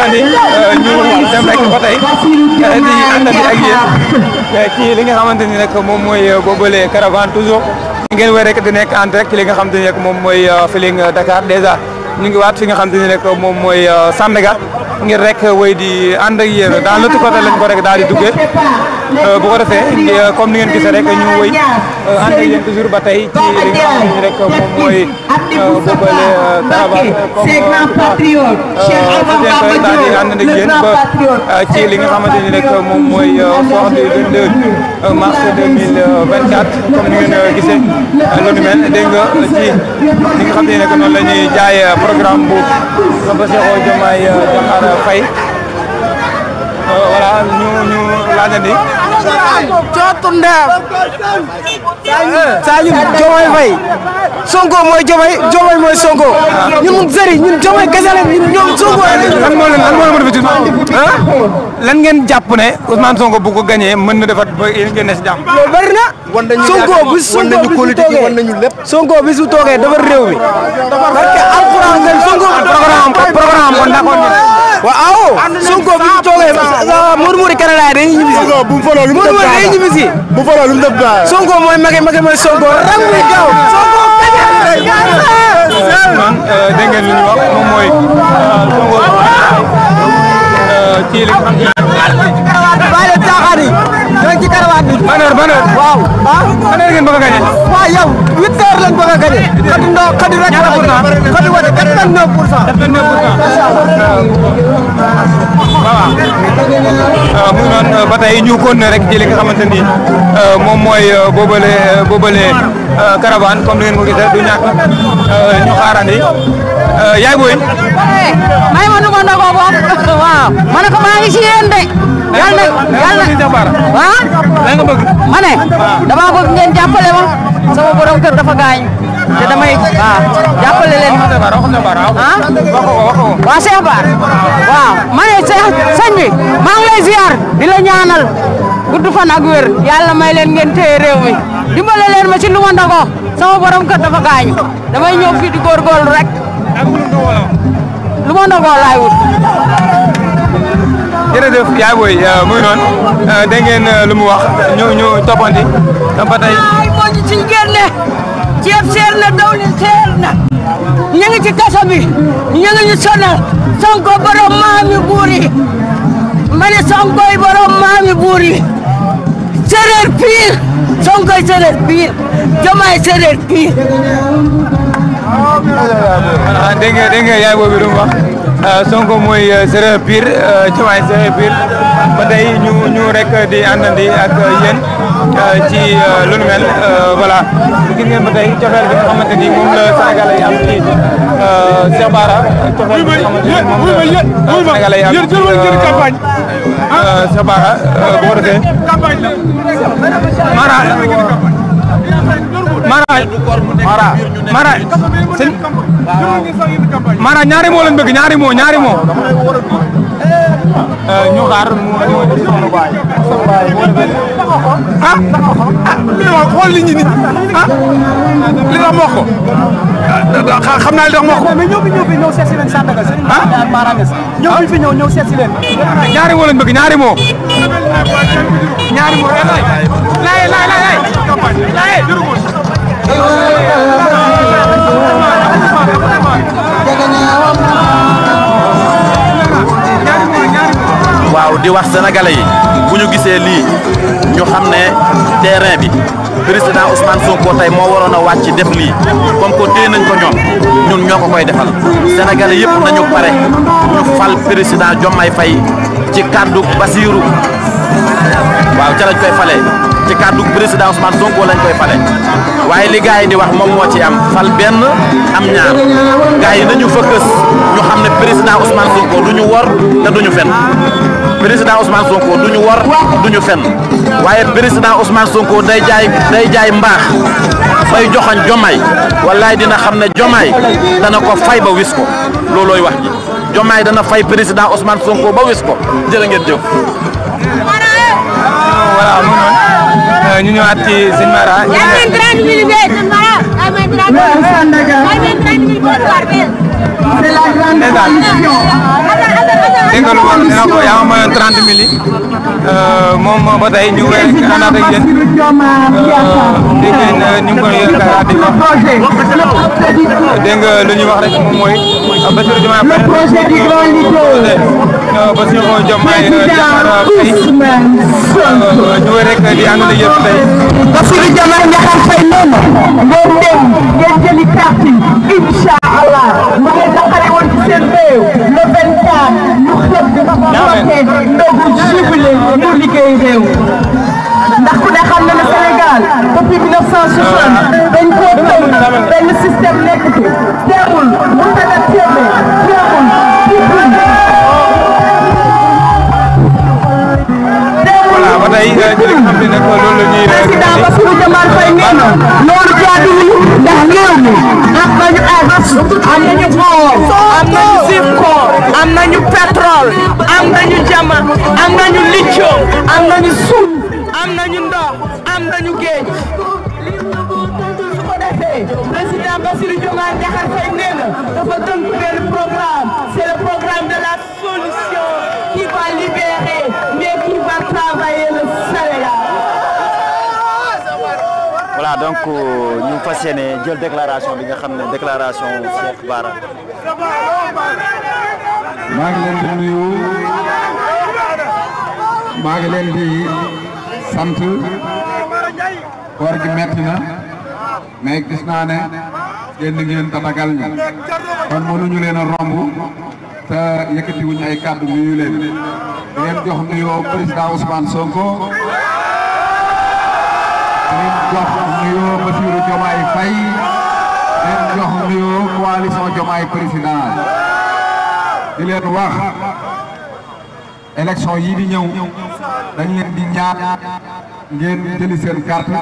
naa ni ñu dem euh, li nga xamante ni nag moom mooy euh, boobale caravane toujours ngeen wéy rek di nekk ànd rek ci li nga xamante ni moom mooy euh, Feeling Dakar dèjà ñu ngi waat fi nga xamante ni rek moom mooy Sandaga ngir rek wéy di ànd ak yéen dans l'autre côté lañ ko rek daal di duggee euh, bu ko defee euh, comme ni ngeen gisee rek ñu wéy euh, ànd ba tey ci li nga xam ne rek moom mooy boobale caravane di ànd ak yéen ci li nga xamante ni rek moom mooy soir du 22 mars 2024 comme ni ngeen gisee loolu nga ci li nga xam ne rek noonu Euh, Faye euh, voilà ñu ñu laajandi. cootu ndaam. saa ñun Diomaye Faye Sonko mooy Diomaye Diomaye mooy Sonko. Ah. ñun sëriñ ñun Diomaye kese la ñun ñoom lan moo leen lan moo lan ngeen jàpp ne Ousmane Sonko bu ko gagné mën na defat ba yéen ngeen ne si jàmm. loolu bari na. wan nañu Sonko bi su toogee wan nañu lépp. Sonko bi su toogee dafa réew mi. parce que alxuraan ngeen Sonko programme programme waaw Sonko bi ñu toogee Modou Modou Canada dañuy ñibbi si. Sonko bu mu mu def mu def Sonko mooy mage mage mooy Sonko rang muy Sonko kañal kañal. man euh, ban heure ban heure. waaw ah. ban heure ngeen bëgg a gagné. waaw yow huit heures lañ bëgg a gagné. xadi ndaw xadi rek. ñaata pour cent xadi wane quatre vingt neuf pour cent. quatre vingt neuf pour cent. waaw ah, muy rek ci li nga xamante ni euh, moom mooy euh, boobale euh, boobale caravane comme ni ngeen ko gisee du ñu xaarandi yaay booy. Eh, may ma nu ma nagoo ko maa ngi si de. yàlla na yàlla na ah? nga bëgg. ma ne damaa bëgg ngeen jàppale ma sama borom kër dafa gaañ. te damay waaw leen. ah. waaw Cheikh Bara waaw ma ne Cheikh lay ziar di la ñaanal gudd fan ak wér may leen ngeen téye mi dimbale leen ma ci lu ma ndogoo sama kër dafa gaañu damay ñëw fii di góorgóorlu rek lu ma ndogoo laay jërëjëf yaay booy euh, muy noonu euh, dégg ngeen euh, wax ñu ñu toppandi ba tey. ci suñu génne ceeb seer na dawlin seer na ñu ci kaso bi ñu ngi ñu sonal borom maami buur yi ma ne borom maami buur yi séeréer pire Sonkoy séeréer pire ah, yaay boobu lu mu wax. Euh, Sonko mooy euh, séeréer pire euh, Diomaye séeréer pire ba tey ñu ñu rek di àndandi ak yéen ci lu mel voilà gis ngeen ba bi nga xamante ni la Sénégalais am ci Cheikh Bara cofeel bi nga xamante ni la Sénégalais am ci Cheikh Bara boo ko Mara Mara Mara sëñ Mara ñaari moo leen bëgg ñaari moo ñaari moo. Eh, ñu xaar ah, ah, li ma xool ah, li la mokk xam naa li tax mokk. mais ñoo fi ñëw fi ñëw seet si leen Sandaga sëñ Mara Niass ñëw fi ñëw ñëw seet si leen. waaw di wax sénégalais yi bu ñu gisee lii ñu xam ne terrain bi président Ousmane Sonko moo waroon a ci def lii comme que téye nañ ko ñoom ñun ñoo ko koy defal sénégalais yëpp nañu pare ñu fal président Diomaye Faye ci kàddu Basiiru waaw ca lañ koy fale ci kàddu président Ousmane Sonko lañ koy fale waaye li gars yi di wax moom moo ci am fal benn am ñaar gars yi nañu fëkkës ñu xam ne président Ousmane Sonko du ñu wor te du ñu fen président Ousmane Sonko du wor du ñu waaye président Ousmane Sonko day jaay day jaay mbaax bay joxoñ jomaay wallaay dina xam ne jomaay dana ko fay ba wis ko loolooy wax ji jomaay dana fay président Ousmane Sonko ba wis ko jërë ngeen jëf voilà mu noonu euh, ñu ñëwaat ci sëñ Mara. dégg nga lu bon dina ko yaa ma mayoon 30 mille yi euh, moom ba tey ñu wéy àndaat ak yéen euh, dégg ngeen ñu ngi koy yëkkataat di ko dégg nga lu ñuy wax rek moom mooy Bassirou Diomaye Faye Bassirou Diomaye euh, Diakhar euh, Faye euh, ñu rek di ànd na yëpp tey Bassirou Diomaye Diakhar Faye noonu ngeen dem ngeen jëli carte yi incha allah mu ngeen taxale woon ci seen réew le 24 ñu xëpp dafa woote ndogu jubilé pour liggéey réew ndax ku ne xam na ne Sénégal depuis 1960 dañ koo tënk benn système nekk fi loolu jaaduwul ndax réew mi am nañu as am nañu or am nañu zircon am nañu pétrole am nañu jama am nañu lithium am nañu suuf am nañu ndox am nañu géej voilà donc euh, ñu fas yéene jël déclaration bi nga xam ne déclaration Cheikh Bara. maa ngi leen di nuyu maa leen di sant koor gi metti na mais gis naa ne génn ngeen tatagal ñu kon mënuñu leen a romb te yëkkatiwuñu ay kàddu nuyu leen di jox nuyoo président Ousmane Sonko. leen jox nuyoo Bassirou Diomaye Faye leen jox nuyoo coalition Diomaye président di leen wax élection yii di ñëw dañ di ñaan ngeen jëli seen carte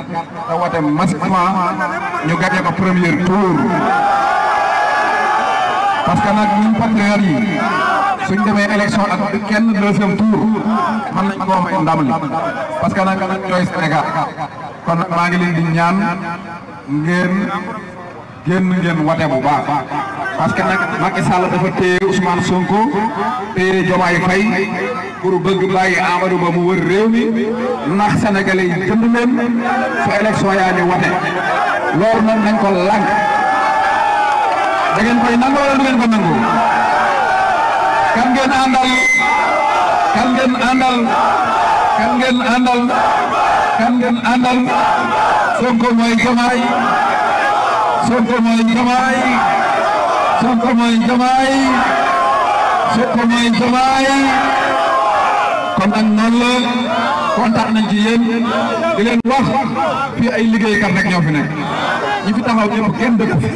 te wate massivement ñu gagné ko premier tour parce que nag ñun partenaires yi suñ demee élection ak kenn deuxième tour mën nañ koo ndam li parce que nag ñooy Sénégal kon nag maa ngi leen di ñaan ngeen ngeen wate bu baax parce que nag Macky Sall dafa téye Ousmane Sonko téye Diomaye pour bëgg bàyyi Amadou Ba mu wër réew mi ndax sénégalais yi jënd leen su élection yaa wate loolu nag nañ ko lànk da koy nangu wala du ngeen ko kan ngeen àndal kan ngeen àndal kan ngeen àndal Sonko mooy Diomaye Sonko mooy Diomaye Sonko mooy Diomaye Sonko mooy Diomaye kon nag noonu la kontaan nañ ci yéen di wax fii ay liggéeykat rek ñoo fi nekk ñi fi taxaw ñëpp kenn dëkku fi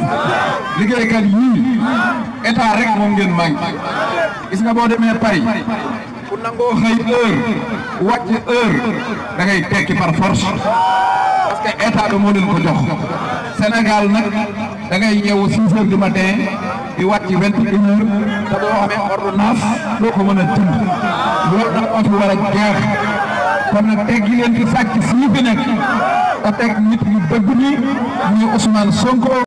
liggéeykat yii état rek moom ngeen manqué gis na boo demee Paris ku nangoo xëy heure wàcc heure da ngay tekki par force parce que état bi moo leen ko jox Sénégal nag da ngay ñëw six heures du matin di wàcc vingt et une heures te doo amee doo ko mën a tënk loolu nag moo war a jeex kon nag teggi leen ci sàcc fi nekk te teg nit ñu dëgg muy Ousmane Sonko.